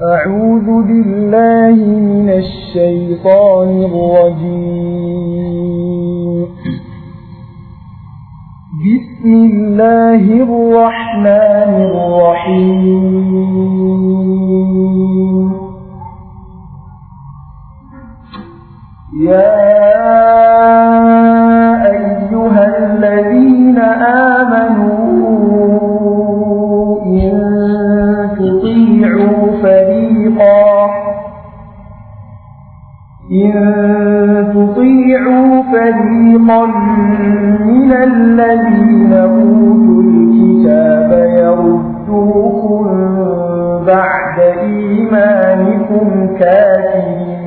أعوذ بالله من الشيطان الرجيم بسم الله الرحمن الرحيم يا أيها الذين آمنوا إن تطيعوا فريقا من الذين أوتوا الكتاب يردوكم بعد إيمانكم كافرين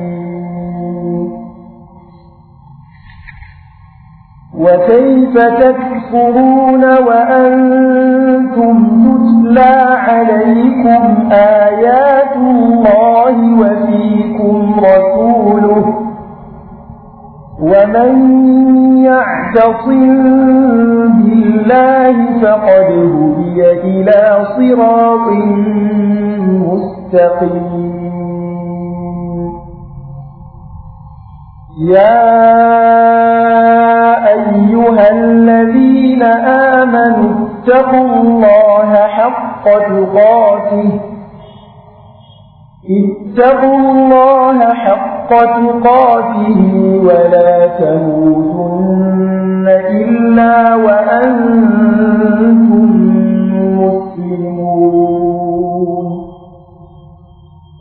وكيف تكفرون وأنتم تتلى عليكم آيات الله وفي فيكم رسوله ومن يعتصم بالله فقد هدي إلى صراط مستقيم يا أيها الذين آمنوا اتقوا الله حق تقاته اتقوا الله حق تقاته ولا تموتن إلا وأنتم مسلمون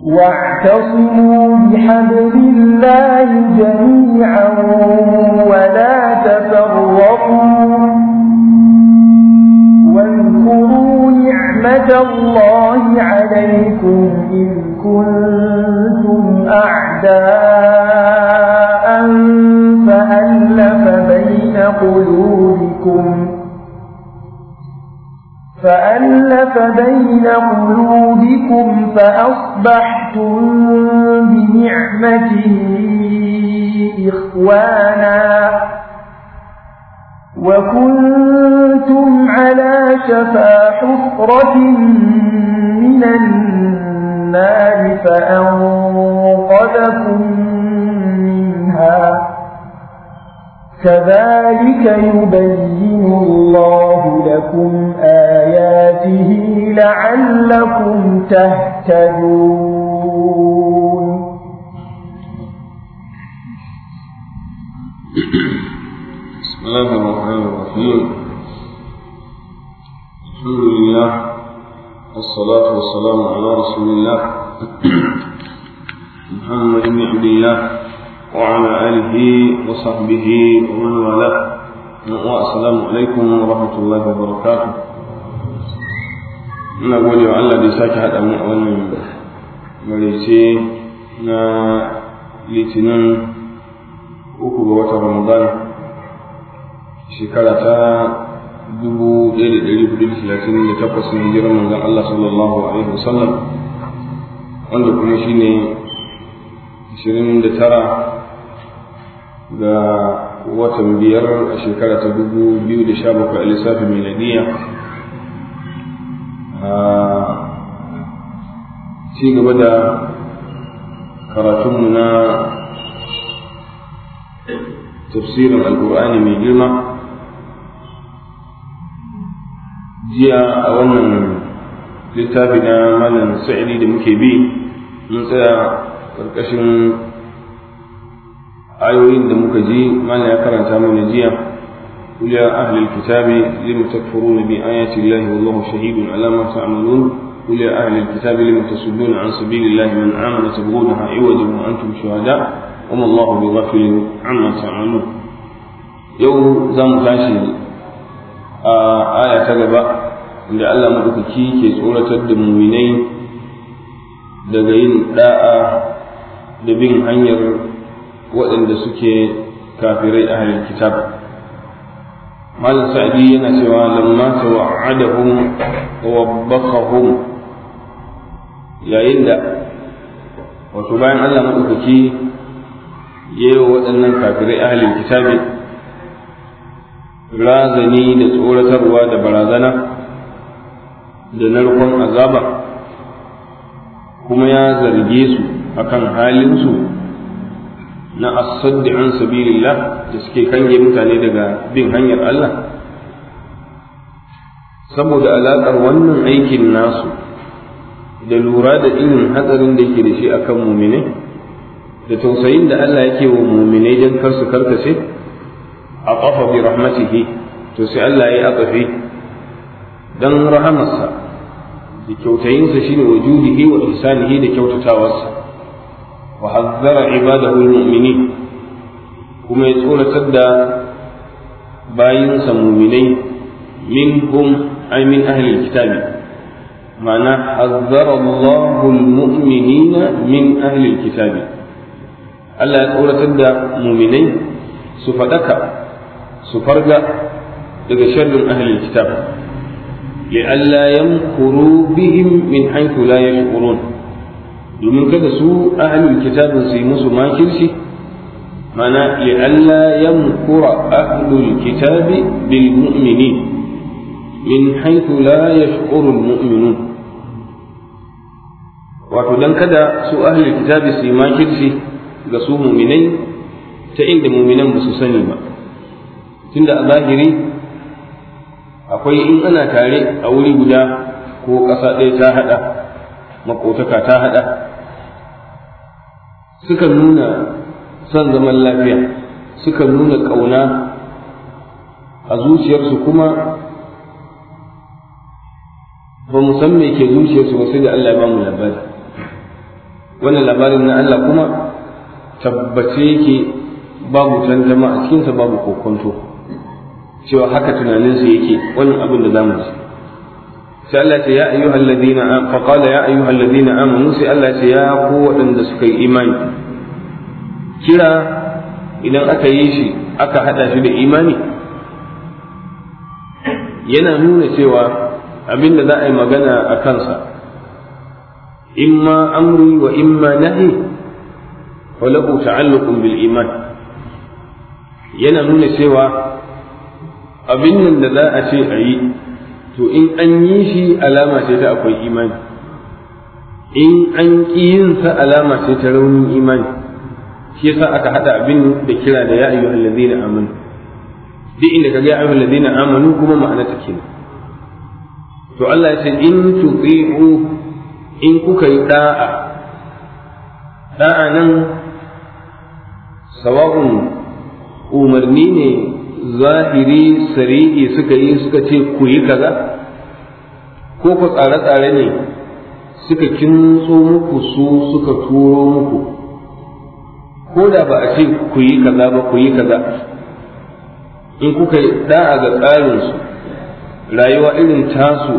واعتصموا بحبل الله جميعا ولا تفرقوا واذكروا نعمة الله عليكم إذ كنتم أعداء فألف بين قلوبكم فألف بين قلوبكم فأصبحتم بنعمته إخوانا وكنتم على شفا حفرة من النار فأنقذكم منها كذلك يبين الله لكم آياته لعلكم تهتدون بسم الله الرحمن الرحيم الحمد لله الصلاة والسلام على رسول الله محمد بن عبد الله وعلى آله وصحبه ومن والاه والسلام عليكم ورحمة الله وبركاته أنا أقول wa Allah da ya sake haɗa mu a wannan marece dubu ɗaya da ɗari hudu da talatin da takwas na hijirar manzon Allah sallallahu alaihi wasallam wanda kuma shi ne ashirin da tara ga watan biyar a shekara ta dubu biyu da sha bakwai a lissafin miladiya ci gaba da karatunmu na tafsirin alkur'ani mai girma jiya a wannan littafi da malam sa'idi da muke bi mun tsaya ƙarƙashin ayoyin da muka ji malam ya karanta mana jiya kuliya ahli kitabi lim takfuruna bi ayati llahi wallahu shahidun ala ma ta'malun kuliya ahli kitabi lim tasuddun an sabili llahi man amana tabghunaha iwaj wa antum shuhada wa ma llahu bi ghafilin amma ta'malun yau zamu tashi a aya ta gaba Inda Allah madaukaki ke tsoratar da muminai daga yin da'a da bin hanyar waɗanda suke kafirai a halin kitab malam sa'adi yana cewa lamma wa wabbakahum yayin da wato bayan Allah madaukaki ya yi wa waɗannan kafirai a halin kitabi razani da tsoratarwa da barazana da narkon azaba kuma ya zarge su akan halinsu na asaddi an sabilillah da suke kange mutane daga bin hanyar Allah saboda alaƙar wannan aikin nasu da lura da irin hatsarin da yake da shi akan mumine da tausayin da Allah yake wa mumine don kar su karkace a ƙafa bi rahmatihi to sai Allah ya yi don rahamarsa da kyautayinsa shine wajudihi wa ihsanihi da kyautatawarsa wa hazzara ibadahu almu'minin kuma ya tsoratar da bayinsa mu'minai minhum ay min ahli alkitabi ma'ana hazzara Allahu almu'minina min ahli alkitabi Allah ya tsoratar da mu'minai su fadaka su farga daga sharrin ahli alkitabi لئلا يمكروا بهم من حيث لا يشعرون domin kada su ahlul kitabin su yi musu makirci mana li'alla yamkura ahlul kitabi bil mu'minin min haythu la yash'uru al mu'minun wato dan kada su ahlul kitabi su yi makirci ga su mu'minai ta inda mu'minan ba su sani ba tunda a zahiri akwai in ana tare a wuri guda ko ƙasa ɗaya ta haɗa makotaka ta haɗa suka nuna son zaman lafiya suka nuna ƙauna a zuciyarsu kuma ba mu san me ke zuciyarsu ba sai da Allah ya ba mu labari wannan labarin na Allah kuma tabbace yake babu tantama a cikinsa babu kokonto cewa haka tunaninsu yake wannan abin da zamu ji sai Allah ce ya ayyuhal ladina fa qala ya ayyuhal ladina amanu sai Allah ce ya ku waɗanda suka yi imani kira idan aka yi shi aka hada shi da imani yana nuna cewa abin da za a yi magana a kansa imma amri wa imma nahi wa lahu ta'alluqun bil iman yana nuna cewa abin nan da za a ce a yi to in an yi shi alama ce ta akwai imani in an ƙi yin sa alama ce ta raunin imani shi yasa aka hada abin da kira da ya ayyuhal ladina amanu duk inda kaga ya ayyuhal ladina amanu kuma ma'ana ta kenan to Allah ya ce in tuti'u in kuka yi da'a da'a nan sawa'un umarni ne zahiri sari'i suka yi suka ce ku yi kaza ko ku tsare-tsare ne suka kinso muku su suka turo muku ko da ba a ce ku yi kaza ba ku yi kaza in kuka yi da'a ga tsarinsu rayuwa irin tasu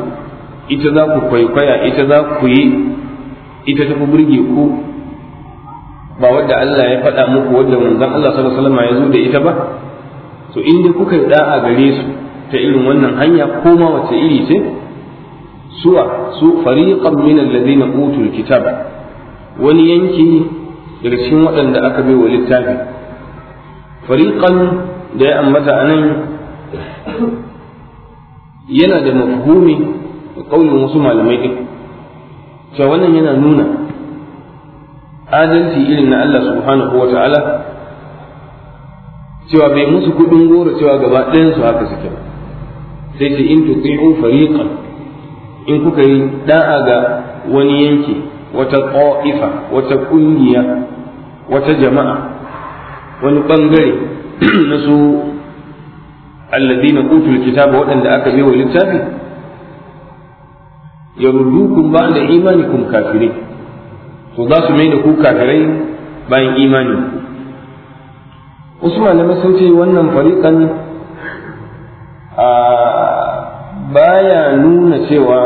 ita za ku kwaikwaya ita za ku yi ita ta fi burge ku ba wadda Allah ya faɗa muku wadda manzon Allah sallallahu alaihi wasallam ya zo da ita ba to in dai kuka yi da'a gare su ta irin wannan hanya ko ma wace iri ce suwa su fariqan min alladhina utul kitab wani yanki daga cikin waɗanda aka bai wa littafi fariqan da ya ambata anan yana da mafhumi da kaulin wasu malamai din cewa wannan yana nuna adalci irin na Allah subhanahu wa ta'ala cewa bai musu kudin goro cewa gaba ɗayan su haka suke sai ce in in fariƙa in kuka yi da'a ga wani yanki wata qa'ifa wata ƙungiya, wata jama'a wani ɓangare na su na utul kitaba waɗanda aka bai wa littafi ba da imanikum kafirai to za su mai da ku kafirai bayan imanin ku wasu malamai sun ce wannan fariƙan baya nuna cewa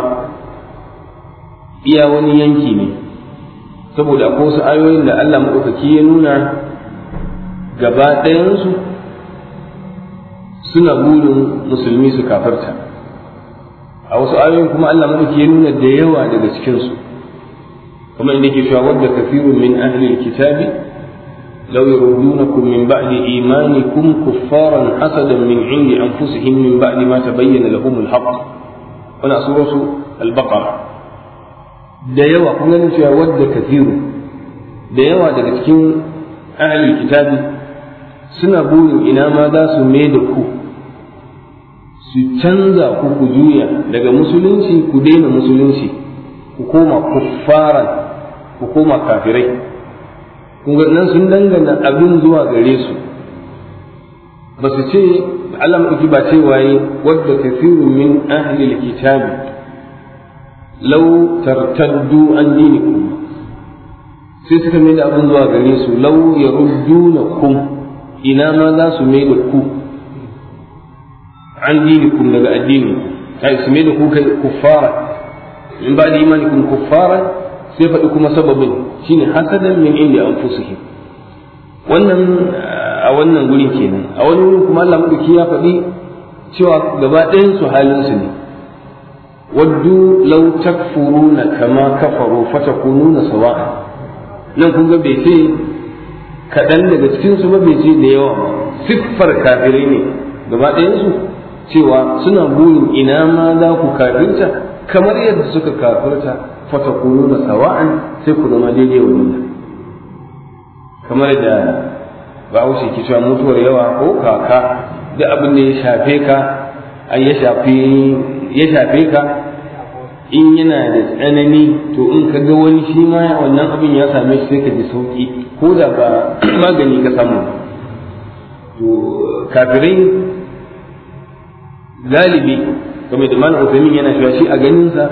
iya wani yanki ne saboda akwai wasu ayoyin da Allah maɗaukaki ya nuna gaba ɗayansu suna burin musulmi su kafarta a wasu ayoyin kuma Allah maɗaukaki ya nuna da yawa daga cikinsu kuma inda ke cewa wadda kafirun min ahlil kitabi لو يردونكم من بعد إيمانكم كفارا حسدا من عند أنفسهم من بعد ما تبين لهم الحق هنا سورة البقرة ديوا قلنا نسيا ود كثير ديوا دكتين أهل الكتاب سنقول إلى ماذا سميدكم su canza ku ku juya daga musulunci ku daina musulunci ku kuma nan sun dangana abin zuwa gare su ba su ce alam uki ba ce waye wadda kafiru min ahli alkitab law tartaddu an dinikum sai suka mai da abin zuwa gare su law yaruddunakum ina ma za su mai da ku an dinikum daga addini kai su mai da ku kai kuffara in ba da kun kuffara sai faɗi kuma sababin shine hasadan min indi anfusihim wannan a wannan guri kenan a wani wurin kuma Allah madaki ya faɗi cewa gaba ɗayan su halin su ne waddu law takfuruna kama kafaru fatakununa sawa'a nan kun ga bai ce kaɗan daga cikin su ba bai ce da yawa siffar kafirai ne gaba ɗayan su cewa suna burin ina ma za ku kafirta kamar yadda suka kafirta da sawa'an sai ku zama daidai wa nuna kamar da bahaushe ke cewa mutuwar yawa ko kaka duk abin da ya shafe ka ai ya shafe ka in yana da tsanani to in ka ga wani shi ma wannan abin ya same shi sai ka ji sauki ko da ba magani ka samu to kafirai galibi kamar da malam Usaimin yana cewa shi a ganinsa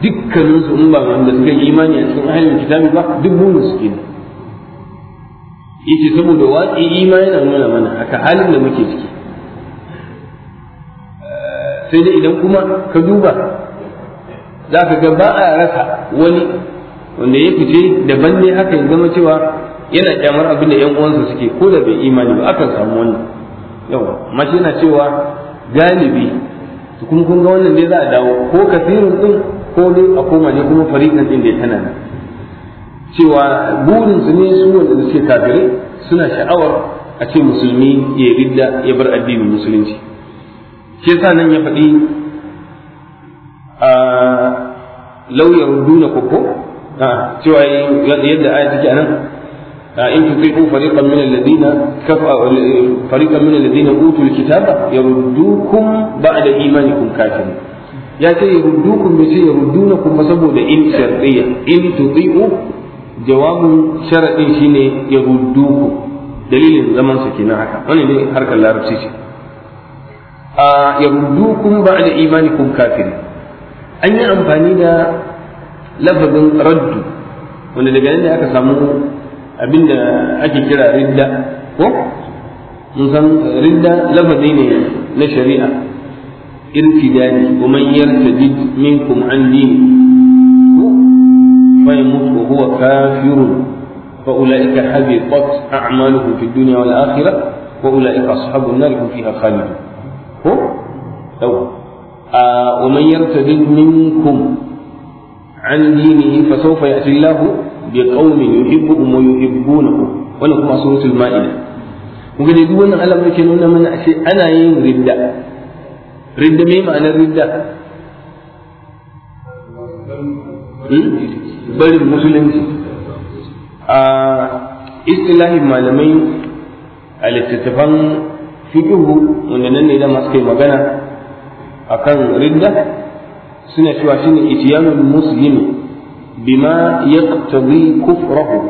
dukkaninsu in ba wanda suka yi imani a cikin ahalin kitabi ba duk burin suke yace saboda watsi imani yana nuna mana haka halin da muke ciki eh, sai dai idan kuma ka duba za ka ga ba a rasa wani wanda ya fice daban ne haka ya zama cewa yana kyamar abin da yan uwansa suke ko da bai imani ba akan samu wannan yawa mace yana cewa galibi kuma kun ga wannan ne za a dawo ko kasirin din ko dai a koma ne kuma fariqan din da tana nan cewa burin su ne su wanda suke kafirai suna sha'awar a ce musulmi ya ridda ya bar addinin musulunci shi yasa nan ya faɗi a lauyar duna koko cewa yadda aya take a nan إن تطيعوا فريقا min الذين kafa فريقا min الذين utul kitaba yarudukum ba'da imanikum kafirin ya ce yaruddukum bai ce yarudduna kuma saboda in shar'iyya in tudhi'u jawabun sharadin shine yarudduku dalilin zaman su kenan haka Wani ne harkar larabci ce a da ba'da imanikum kafirin an yi amfani da lafazin raddu wanda daga nan aka samu abinda ake kira ridda ko mun san ridda lafazi ne na shari'a ارتداد ومن يرتد منكم عن دينه فيمت وهو كافر فأولئك حبطت أعماله في الدنيا والآخرة وأولئك أصحاب النار هم فيها خالدون هو أو آه ومن يرتد منكم عن دينه فسوف يأتي الله بقوم يحبهم ويحبونه ولكم سورة المائدة وقد يقولون ألم يكن من أنا يرد ridda me ma'anar ridda hmm? barin musulunci a istilahin malamai a littattafan fiƙihu wanda nan ne da suka magana a kan ridda suna cewa shi ne itiyanul muslim bima kufrahu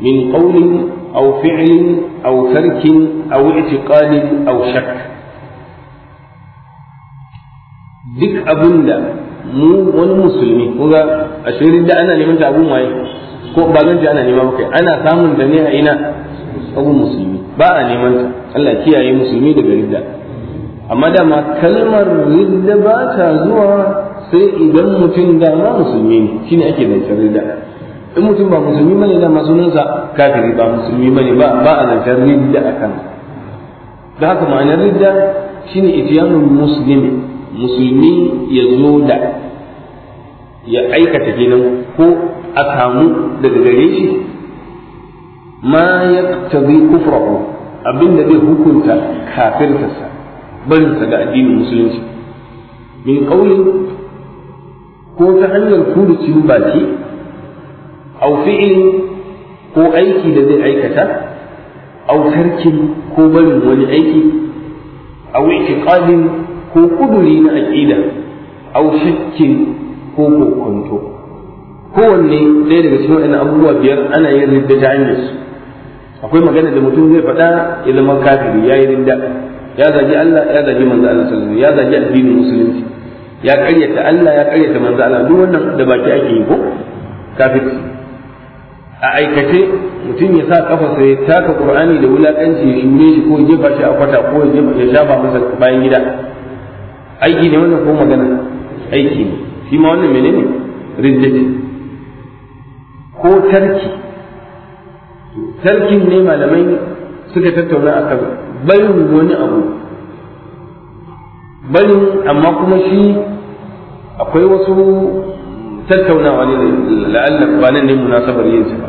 min qawlin aw fi'lin sarkin, tarkin au i'tiqadin au shakk duk abin da mu wani musulmi ko ga shirin da ana neman ta abun waye ko ba zan ji ana nema ba kai ana samun da ne a ina abun musulmi ba a neman ta Allah kiyaye musulmi daga ridda amma da ma kalmar ridda ba ta zuwa sai idan mutum da ma musulmi ne shine ake zancen ridda in mutum ba musulmi bane da ma sunansa kafiri ba musulmi bane ba ba a zancen ridda akan da haka ma'anar ridda shine itiyanul muslimi musulmi ya zo da ya aikata kenan ko a samu daga gare shi ma ya tabi kufrahu abinda zai hukunta kafirtarsa sa ga addinin musulunci min ƙauye ko ta hanyar furucin baki au fi'in ko aiki da zai aikata au tarkin ko barin wani aiki au iqalin ko kuduri na aƙida au shakkin ko kokonto kowanne ɗaya daga cikin waɗannan abubuwa biyar ana yin ridda ta hanyar su akwai magana da mutum zai faɗa ya zama kafiri ya yi ridda ya zagi Allah ya zagi manzo Allah sallallahu alaihi ya zagi addinin musulunci ya ƙaryata Allah ya ƙaryata manzo Allah duk wannan da baki ake yi ko kafiri a aikace mutum ya sa kafarsa ya taka qur'ani da wulakanci ya shure shi ko jefa shi a kwata ko ya shafa masa bayan gida aiki ne wannan ko magana aiki ne shi ma wannan menene ridda ko tarki tarkin ne malamai suka tattauna a kan barin wani abu barin amma kuma shi akwai wasu tattaunawa ne la'alla ba nan ne munasabar yin su ba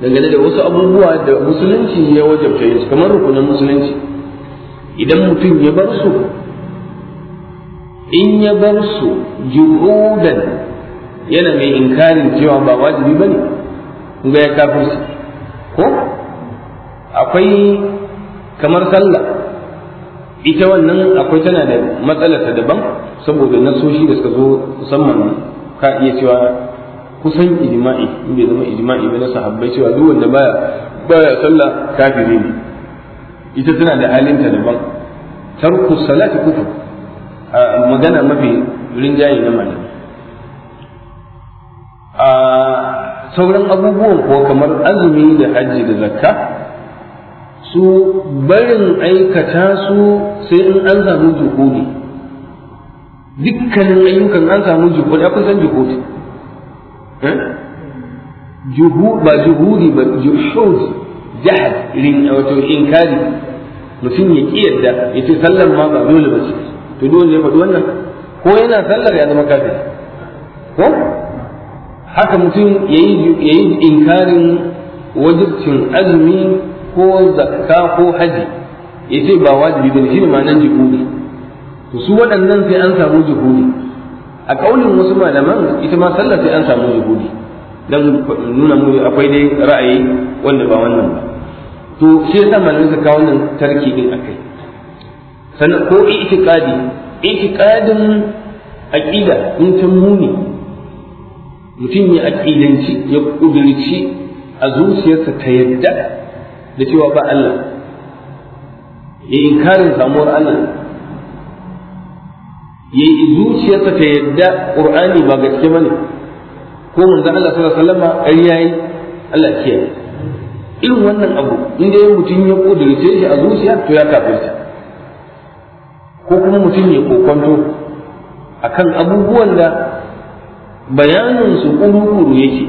dangane da wasu abubuwa da musulunci ya wajabta yin su kamar rukunin musulunci idan mutum ya bar su in ya bar su juhudan yana mai inkarin cewa ba wajibi bane ga ya su ko akwai kamar sallah ita wannan akwai tana da matsalarta daban saboda nasoshi da suka zo musamman ka iya cewa kusan ijma'i in bai zama ijma'i ba na sahabbai cewa duk wanda baya baya sallah kafiri ne ita tana da halinta daban tarku salati kufur magana mafi rinjaye na malami a sauran abubuwan ko kamar azumi da hajji da zakka su barin aikata su sai in an samu ne dukkanin ayyukan an samu jukudi a san eh? jukudi ba juhudi ba juhud jahad wato inkari mutum ya ƙi yadda ya ce sallar ma ba dole ba ce to dole wanda ya faɗi wannan ko yana sallar ya zama kafir ko haka mutum ya yi inkarin wajibcin azumi ko zakka ko haji ya ce ba wajibi ne ma nan jihudi to su waɗannan sai an samu jihudi a ƙaunin wasu malaman ita ma sallar sai an samu jihudi dan nuna mu akwai dai ra'ayi wanda ba wannan ba to shi yasa malamin ka kawo nan tarki din akai sannan ko itikadi itikadin aqida in ta muni mutum ya aqidanci ya kudurci a zuciyarsa ta yadda da cewa ba Allah ya inkarin samuwar Allah ya yi zuciyarsa ta yadda ƙur'ani ba gaske bane ko manzon Allah sallallahu alaihi wasallam ƙarya yi Allah kiyaye irin wannan abu inda dai mutum ya kudurce shi a zuciya to ya kafirta ko kuma mutum ya kokonto akan abubuwan da bayanin su kuru yake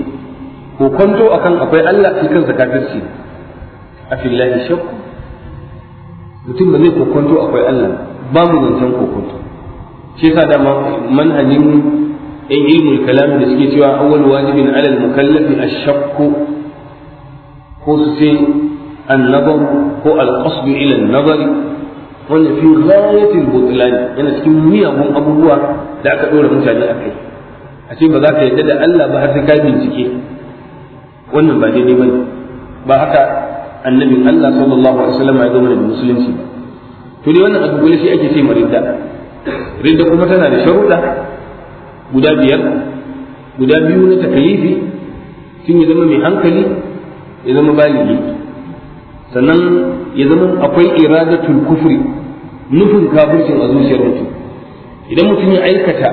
kokonto akan akwai Allah shi kansa kafirci a fillahi shakku mutum ba zai kokonto akwai Allah ba mu zancen kokonto shi yasa da manhajin yan ilmul kalam da suke cewa awwal wajibin alal mukallafi a shakku ko su sai an nabar ko al-qasd ila an-nazari wanda fi ghayatil butlan yana cikin miyagun abubuwa da aka dora mutane a kai a ce ba za ka yarda da Allah ba har sai ka bincike wannan ba daidai ba ne, ba haka annabin Allah sallallahu alaihi wasallam ya zama da musulunci ba to dai wannan abubuwa shi ake ce maridda ridda kuma tana da sharuɗa guda biyar guda biyu na takalifi sun ya zama mai hankali ya zama baligi sannan ya zama akwai iradatul kufri nufin kafircin a zuciyar mutum idan mutum ya aikata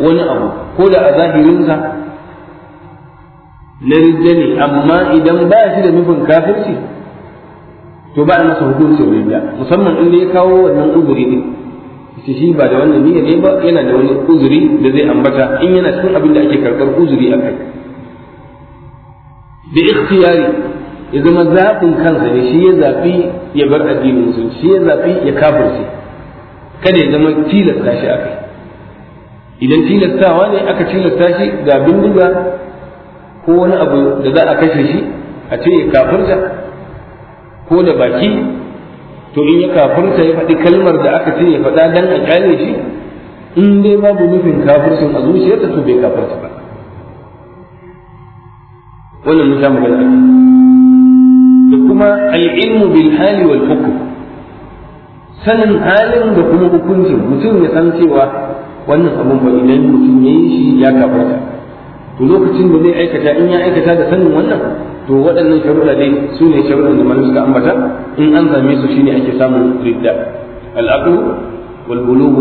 wani abu ko da a zahirinsa na rijja ne amma idan ba shi da nufin kafirci to ba a masa hukuncin rijja musamman in ya kawo wannan uzuri ne, shi shi ba da wannan niyya ne ba yana da wani uzuri da zai ambata in yana cikin abin da ake karɓar uzuri a kai bi ikhtiyari ya zama zaɓin kansa ne shi ya zaɓi ya bar addinin su, shi ya zaɓi ya kafirce kada ya zama tilasta shi aka idan tilastawa ne aka tilasta shi ga bindiga ko wani abu da za a kashe shi a ce ya kafirta ko da baki to in ya kafirta ya faɗi kalmar da aka ce ya faɗa dan a kyale shi in dai babu nufin kafircin a zuciyarsa to bai kafirta ba wannan mutum sha magana kuma al'ilmu bil hali wal hukum sanin halin da kuma hukuncin mutum ya san cewa wannan abun ba idan mutum ya yi shi ya kafarta to lokacin da zai aikata in ya aikata da sanin wannan to waɗannan sharuɗa dai su ne sharuɗan da malam suka ambata in an same su shine ake samun ridda al'aqlu wal bulughu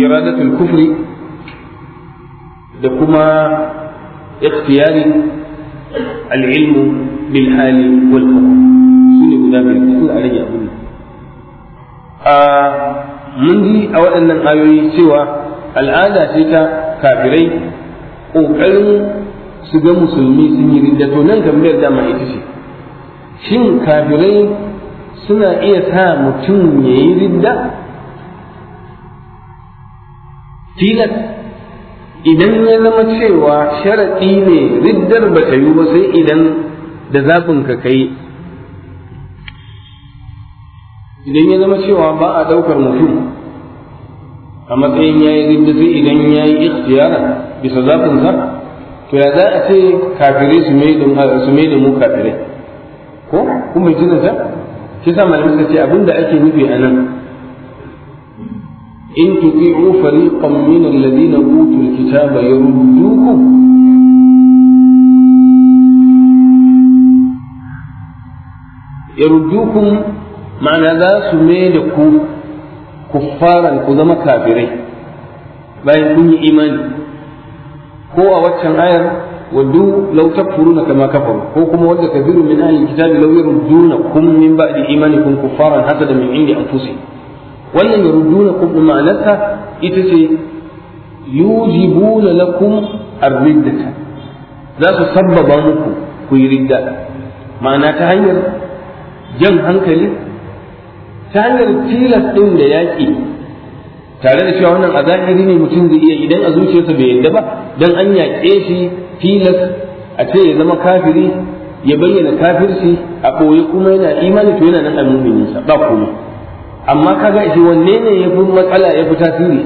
iradatul kufri da kuma ikhtiyari al'ilmu bil hali wal qadar shine guda biyar suna a rage a mun ji a waɗannan ayoyi cewa al'ada ce ta kafirai ƙoƙarin su ga musulmi sun yi ridda to nan gambayar dama ita ce shin kafirai suna iya sa mutum ya yi ridda idan ya zama cewa sharaɗi ne riddar ba ta yi ba sai idan da zaɓin ka kai idan ya zama cewa ba a ɗaukar mutum a matsayin ya yi ridda sai idan ya yi ikhtiyara bisa zaɓinsa to ya za a ce kafirai su mai da mu kafirai ko kuma jinin sa shi sa malamai suka ce abinda ake nufi a nan in tuti'u fariqan min alladhina utul الكتاب يردوكم يردوكم معنى ذا سميلكم كفارا كذما كافرين bayan kun yi imani ko a waccan ayar wadu law takfuruna kama kafaru ko kuma wadda kabiru min ahli kitabi law yurduna kum min ba'di imanikum kuffaran hasada min indi anfusihim wannan yurduna kum ma'anarta ita ce yujibuna lakum ar-riddata za su sabbaba muku ku yi ridda ma'ana ta hanyar jan hankali ta hanyar tilas din da yaƙi tare da cewa wannan a zahiri ne mutum zai iya idan a zuciyarsa bai yadda ba dan an yaƙe shi tilas a ce ya zama kafiri ya bayyana kafirci a ɓoye kuma yana imani to yana nan a mu'mininsa ba komai amma kaga shi wanne ne ya fi matsala ya fi tasiri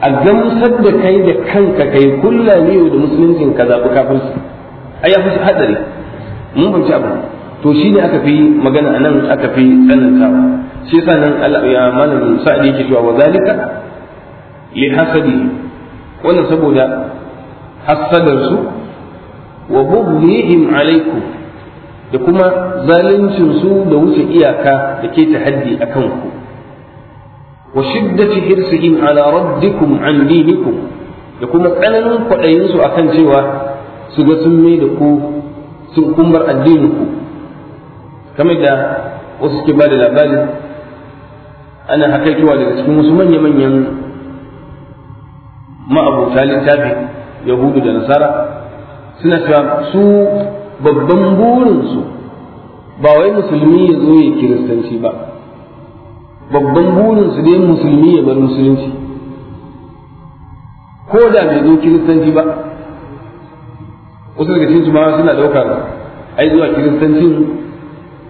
a gamsar da kai da kanka kai kullane yau da musuluncin ka zaɓi kafirci ai ya fi hadari mun fahimci abu to shine aka fi magana anan aka fi tsanantawa shi sa nan Allah ya malam sa'idi yake cewa wa zalika li hasadi wannan saboda hasadarsu. wa bughlihim alaikum da kuma zaluncin su da wuce iyaka da ke haddi akan ku wa shiddati hirsihim ala raddikum an dinikum da kuma tsananin kwaɗayin su akan cewa su ga sun mai da ku kumbar addinin ku kamar da wasu suke ba da labari ana hakaitowa daga cikin wasu manya-manyan ma'abuta littafi yahudu da nasara suna cewa su babban burinsu ba wai musulmi ya zo ya kiristanci ba babban burin su ne musulmi ya bar musulunci ko da bai zo kiristanci ba wasu daga cikin ma suna dauka ai zuwa kiristancin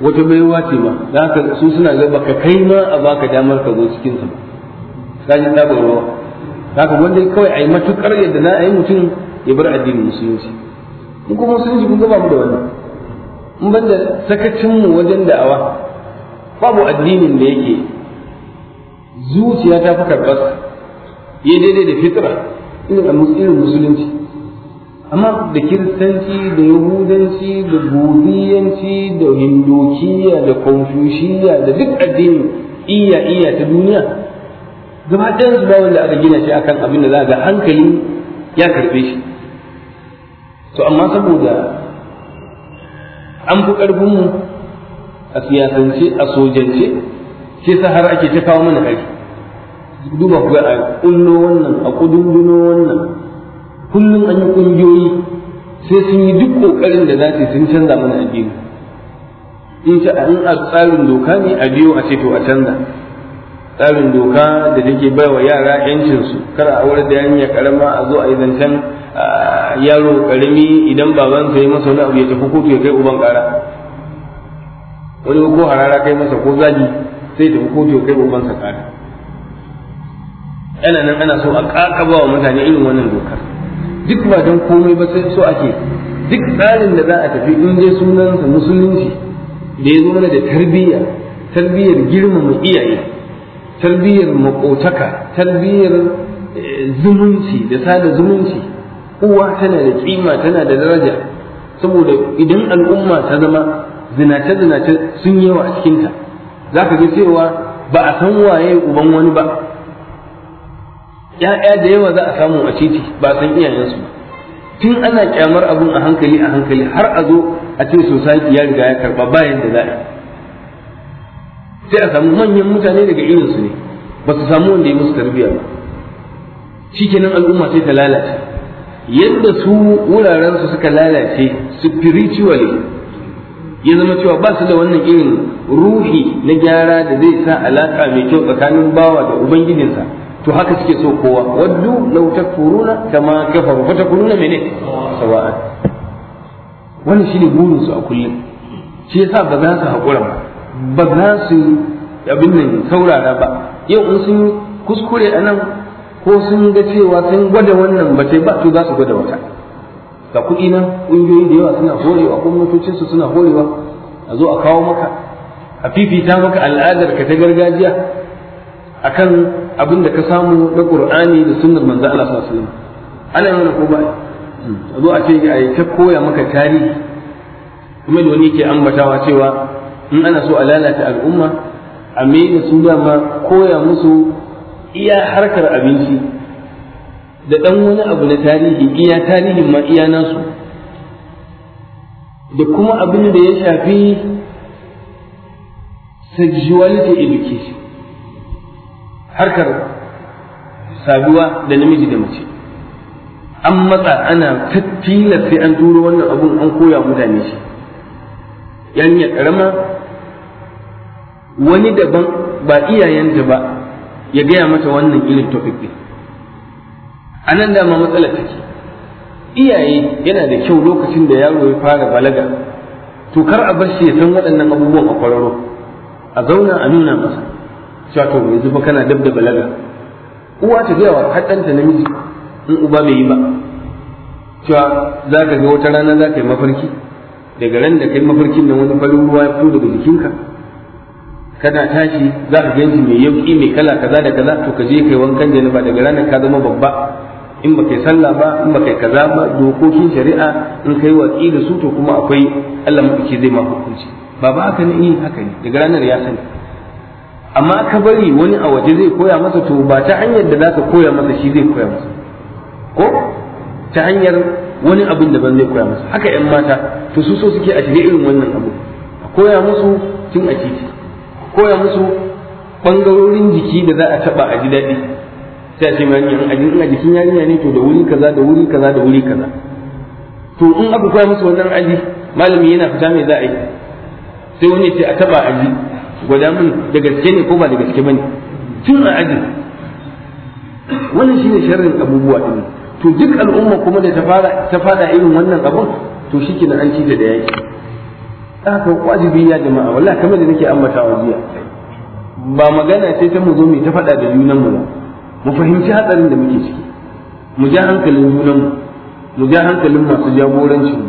wata baiwa ce ma da haka su suna ga baka kai ma a baka damar ka zo cikin su sai ta da haka wanda kawai ai matukar yadda na ai mutum ya bar addinin musulunci in kuma musulunci kun ba mu da wannan in banda sakacin mu wajen da'awa babu addinin da yake zuciya ta fi karɓar ya daidai da fitra irin musulunci amma da kiristanci da yahudanci da budiyanci da hindukiya da konfushiya da duk addini iya iya ta duniya gaba ɗayan su wanda aka gina shi akan abin da za ga hankali ya karɓe shi to amma saboda an fi ƙarfinmu a siyasance a sojance sai sa har ake ta kawo mana hari duba ku a kullo wannan a kudunduno wannan kullum an yi kungiyoyi sai sun yi duk kokarin da za su sun canza mana addini in ta an a tsarin doka ne a biyo a ce to a canza tsarin doka da take bai wa yara yancin su kar a aure da yanya karama a zo a yi zancen yaro karami idan baban sai yi masa wani abu ya tafi kotu ya kai uban kara wani ko harara kai masa ko zagi sai tafi kotu ya kai uban sa kara ana nan ana so a kakaba wa mutane irin wannan dokar duk ba don komai ba sai so ake duk tsarin da za a tafi in dai sunansa musulunci da ya zo mana da tarbiyya tarbiyyar girmama iyaye tarbiyyar makotaka tarbiyar eh, zumunci da sada zumunci uwa tana da kima tana da daraja saboda idan al'umma ta zama zinace zinace sun yawa a cikinta za ka ga cewa ba a san waye uban wani ba ya'ya da yawa za a samu a titi ba san iyayensu tun ana kyamar abun a hankali a hankali har a zo a ce society ya riga ya karba bayan da za a sai a samu manyan mutane daga irinsu ne ba su samu wanda ya musu tarbiyya ba shikenan al'umma sai ta lalace yadda su wuraren su suka lalace spiritually ya zama cewa ba su da wannan irin ruhi na gyara da zai sa alaka mai kyau tsakanin bawa da ubangijinsa to haka suke so kowa waddu law takfuruna kama kafaru fa takfuruna mene sawa'an wannan shine burin su a kullum shi yasa ba za su hakura ba ba za su abin nan saurara ba yau in sun kuskure anan ko sun ga cewa sun gwada wannan ba ba to za su gwada wata ga kuɗi nan ƙungiyoyi da yawa suna horewa su suna horewa a zo a kawo maka a fifita maka al'adar ka ta gargajiya akan abin da ka samu na qur'ani da sunnar manzo Allah sallallahu alaihi wasallam ana yana ko ba zo a ce ai ta koya maka tarihi kuma wani yake ambatawa cewa in ana so a lalata al'umma a da su dama koya musu iya harkar abinci da ɗan wani abu na tarihi iya tarihin ma iya nasu da kuma abin da ya shafi sexuality education harkar sabuwa da namiji da mace an matsa ana tattila sai an turo wannan abun an koya mutane shi ya karama wani daban ba iyayenta ba ya gaya mata wannan irin topic din a nan dama matsalar take iyaye yana da kyau lokacin da yaro ya fara balaga to kar a bar shi ya san waɗannan abubuwan a kwararo a zauna a nuna masa cewa to yanzu kana dab da balaga uwa ta gaya wa haɗanta namiji in uba bai yi ba cewa za ka ga wata rana za ka yi mafarki daga ran da kai mafarkin nan wani farin ruwa ya fito daga jikinka kana tashi za ka ganshi mai yauki mai kala kaza da kaza to ka je kai wankan ba daga ranar ka zama babba in ba kai sallah ba in ba kai kaza ba dokokin shari'a in kai waƙi da su to kuma akwai Allah mafici zai ma hukunci ba ba haka ne eh haka ne daga ranar ya sani amma ka bari wani a waje zai koya masa to ba ta hanyar da zaka koya masa shi zai koya masa ko ta hanyar wani abin da ban zai koya masa haka yan mata to su so suke a shirye irin wannan abu a koya musu tun a titi koya musu bangarorin jiki da za a taba a ji daɗi sai a ce mai a jikin yarinya ne to da wuri kaza da wuri kaza da wuri kaza to in aka koya musu wannan aji malami yana fita mai za a yi sai wani ce a taba aji gwada min da gaske ne ko ba da gaske bane tun a ajin wannan shine sharrin abubuwa din to duk al'umma kuma da ta fara fada irin wannan abun to shikenan an ci da yaki haka wajibi ya jama'a wallahi kama da nake ambatawa jiya ba magana sai ta mu zo mu ta fada da junan mu mu fahimci hatsarin da muke ciki mu ja hankalin junan mu mu ja hankalin masu jagorancin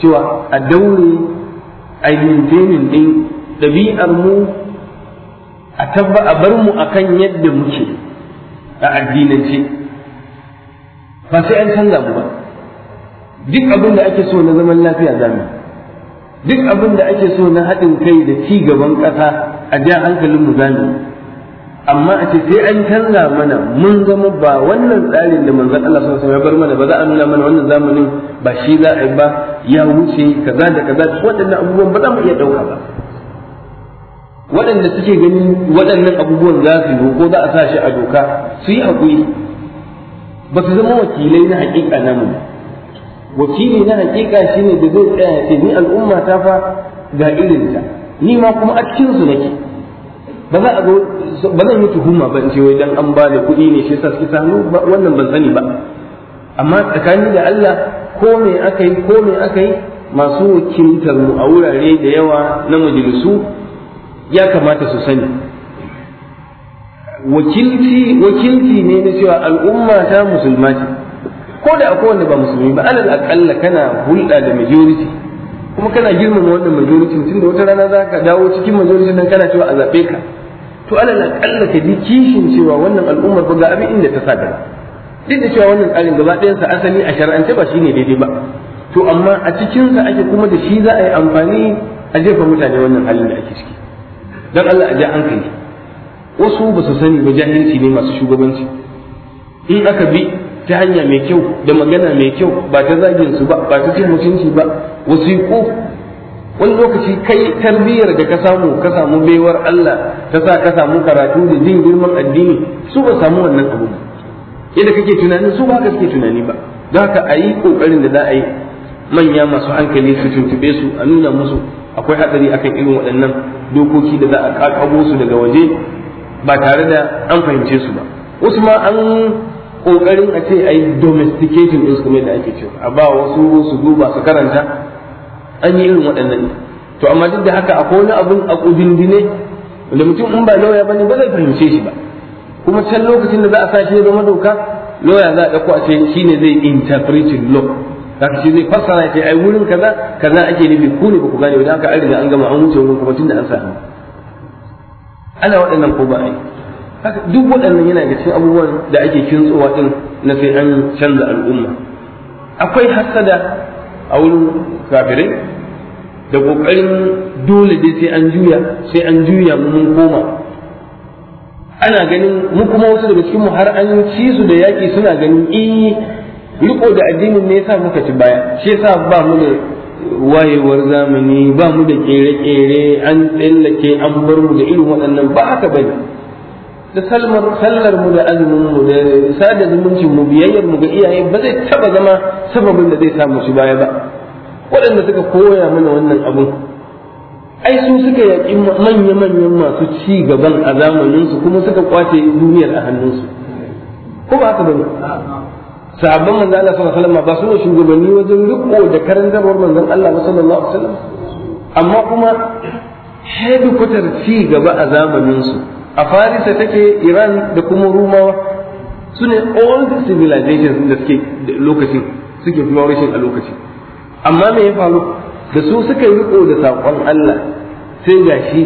cewa a daure a yi din ɗabi'ar mu a tabba a bar mu akan yadda muke a addinance ba sai an canza mu ba duk abin da ake so na zaman lafiya zamu duk abin da ake so na haɗin kai da ci gaban ƙasa a ja hankalin mu zamu amma a ce sai an canza mana mun zama ba wannan tsarin da manzon Allah sallallahu alaihi wasallam ya bar mana ba za a nuna mana wannan zamanin ba shi za a yi ba ya wuce kaza da kaza waɗannan abubuwan ba za mu iya ɗauka ba waɗanda suke gani waɗannan abubuwan za su yi ko za a sa shi a doka su yi haƙuri ba su zama wakilai na haƙiƙa namu wakili na haƙiƙa ne da zai tsaya ce ni al'umma ta fa ga irinta ni ma kuma a cikin su nake ba za a ba zan yi tuhuma ban ce wai dan an ba da kuɗi ne shi yasa suke wannan ban sani ba amma tsakani da Allah ko me aka yi ko me aka yi masu wakiltar mu a wurare da yawa na majalisu ya kamata su sani wakilci wakilci ne na cewa al'umma ta musulma ce ko da akwai wanda ba musulmi ba alal akalla kana hulɗa da majority kuma kana girmama wannan majority tunda wata rana za ka dawo cikin majority nan kana cewa a zaɓe ka to alal akalla ka ji kishin cewa wannan al'ummar ba ga abin inda ta sa gaba duk da cewa wannan tsarin gaba sa asali a shari'ance ba shine daidai ba to amma a cikinsa ake kuma da shi za a yi amfani a jefa mutane wannan halin da ake ciki dan Allah a ja hankali wasu ba su sani ba jahilci ne masu shugabanci in aka bi ta hanya mai kyau da magana mai kyau ba ta zagin su ba ba ta cin mutunci ba wasiƙo wani lokaci kai tarbiyyar da ka samu ka samu baiwar Allah ta sa ka samu karatu da jin girman addini su ba samu wannan abu ba yadda kake tunani su ba ka suke tunani ba don haka a yi ƙoƙarin da za a yi manya masu hankali su tuntube su a nuna musu akwai hatsari akan irin waɗannan dokoki da za a kakabo su daga waje ba tare da an fahimce su ba wasu ma an kokarin a ce a yi domesticating din su kuma da ake cewa a ba wasu su duba su karanta an yi irin waɗannan to amma duk da haka akwai wani abun a kudindine wanda mutum in ba lauya bane ba zai fahimce shi ba kuma can lokacin da za a sa shi zama doka lauya za a ɗauko a ce shine zai interpreting law zaka shi zai fassara ya ce ai wurin kaza kaza ake nufi ku ne ku gane wanda aka an riga an gama an wuce wurin kuma tunda an samu ana waɗannan ko ba ai haka duk waɗannan yana da cikin abubuwan da ake kintsowa din na sai an canza al'umma akwai hasada a wurin kafirai da ƙoƙarin dole dai sai an juya sai an juya mun koma ana ganin mu kuma wasu daga cikin mu har an ci su da yaƙi suna ganin eh riko da addinin ne yasa muka ci baya shi yasa ba mu da wayewar zamani ba mu da kere-kere an tsallake an bar mu da irin waɗannan ba haka ba ne. da salmar sallar mu da azumin mu da sada zumuncin mu biyayyar mu ga iyaye ba zai taba zama sababin da zai samu shi baya ba waɗanda suka koya mana wannan abun ai su suka yaƙi manya-manyan masu ci gaban a zamaninsu kuma suka kwace duniyar a hannunsu ko ba haka ne sahabban manzo Allah sallallahu alaihi wasallam ba su ne shugabanni wajen riko da zabar manzo Allah sallallahu alaihi wasallam amma kuma kutar ci gaba a zamanin su a Farisa take Iran da kuma Rumawa su ne old civilizations da suke lokacin suke flourishing a lokacin amma me ya faru da su suka yi riko da saƙon Allah sai gashi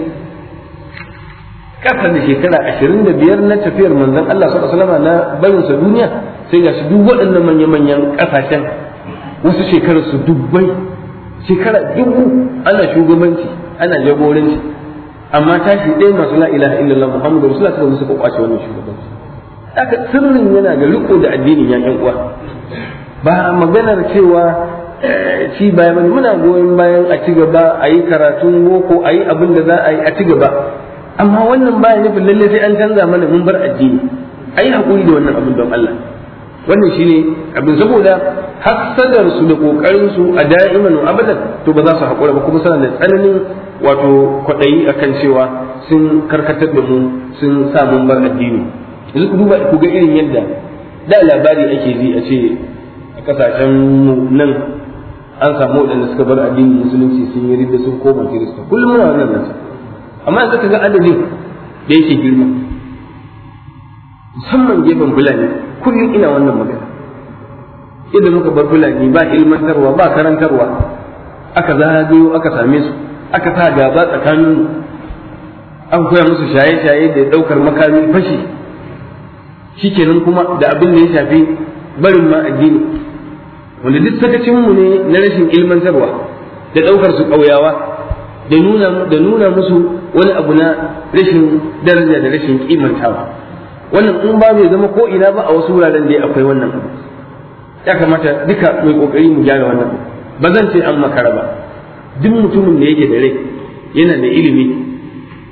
ƙasa da shekara ashirin da biyar na tafiyar manzon Allah sallallahu alaihi wasallam na sa duniya sai ga su duk waɗannan manya-manyan ƙasashen wasu shekarar su dubbai shekara dubu ana shugabanci ana jagoranci amma tashi ɗaya masu la ilaha illallah muhammadu rasulullah suka musu kwakwace wannan shugabanci haka sirrin yana ga riko da addinin ya ƴan uwa ba maganar cewa eh, ci baya bane muna goyon bayan a ci gaba a yi karatun boko a yi abin da za a yi a ci gaba amma wannan baya nufin lallai sai an canza mana mun bar addini a yi haƙuri da wannan abin don Allah wannan shine abin saboda hasadar su da kokarin su a da'iman abadan to ba za su hakura ba kuma suna da tsananin wato kwadayi akan cewa sun karkatar da mu sun sa mun bar addini yanzu ku duba ku ga irin yadda da labari ake ji a ce a kasashen mu nan an samu waɗanda suka bar addinin musulunci sun yi ridda sun koma kirista kullum muna wannan nan amma yanzu ka ga adadin da yake girma musamman gefen bulani kullum ina wannan magana yadda muka bar fulani ba ilmantarwa ba karantarwa aka zagayo aka same su aka sa gaba tsakanin an koya musu shaye-shaye da daukar makami fashi shikenan kuma da abin da ya shafi barin ma addini wanda duk sakacinmu mu ne na rashin ilmantarwa da daukar su ƙauyawa da nuna musu wani abu na rashin daraja da rashin kimantawa wannan in ba bai zama ko ina ba a wasu wuraren da akwai wannan abu ya kamata duka mai kokari mu gyara wannan ba zan ce an makara ba duk mutumin da yake da rai yana da ilimi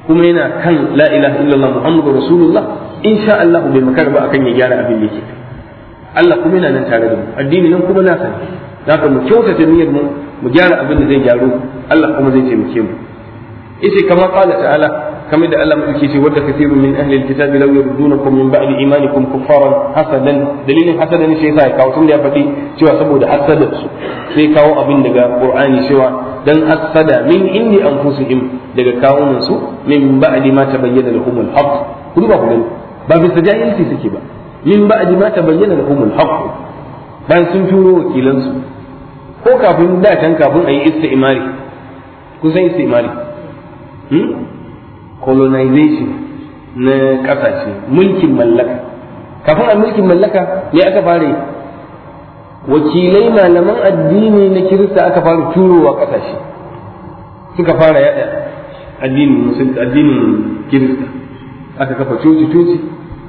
kuma yana kan la ilaha illallah muhammadu rasulullah insha Allah bai makara ba akan ya gyara abin da yake Allah kuma yana nan tare da mu addini nan kuma nasa ne haka mu kyautata niyyar mu mu gyara abin da zai gyaru Allah kuma zai taimake mu yace kama qala ta'ala kamar da Allah madauki ce wadda kathirun min ahli alkitabi law yardunakum min ba'di imanikum kuffaran hasadan dalilin hasadan shi yasa ya kawo tun da ya faɗi cewa saboda hasadan su sai kawo abin daga qur'ani cewa dan hasada min indi anfusihim daga kawunan su min ba'di ma tabayyana lahum alhaq kun ba kullun ba bisa jahilci suke ba min ba'di ma tabayyana lahum alhaq bayan sun turo wakilan ko kafin da can kafin ayi kusan colonization na ƙasashe mulkin mallaka kafin a mulkin mallaka ne aka fara yi wakilai malaman addini na kirista aka fara turowa ƙasashe suka fara yada addinin addinin kirista aka kafa coci-coci